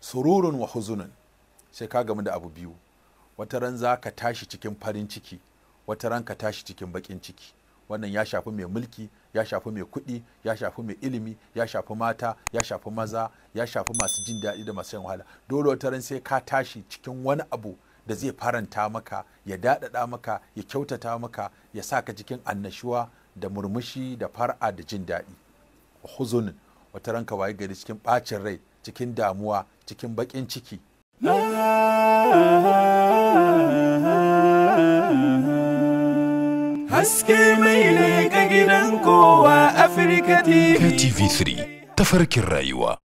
sururun wa huzunin, sai ka gamu da abu biyu wata ran za ka tashi cikin farin ciki wata ran ka tashi cikin bakin ciki wannan ya shafi mai mulki ya shafi mai kuɗi ya shafi mai ilimi ya shafi mata ya shafi maza ya shafi masu jin daɗi da masu yin wahala dole wata ran sai ka tashi cikin wani abu da zai faranta maka ya daɗaɗa maka ya kyautata maka ya sa ka cikin annashuwa da murmushi da far'a da jin daɗi huzunin wata ran ka waye gari cikin ɓacin rai cikin damuwa cikin baƙin ciki haske mai ne ga gidan kowa afirka tv3 tafarkin rayuwa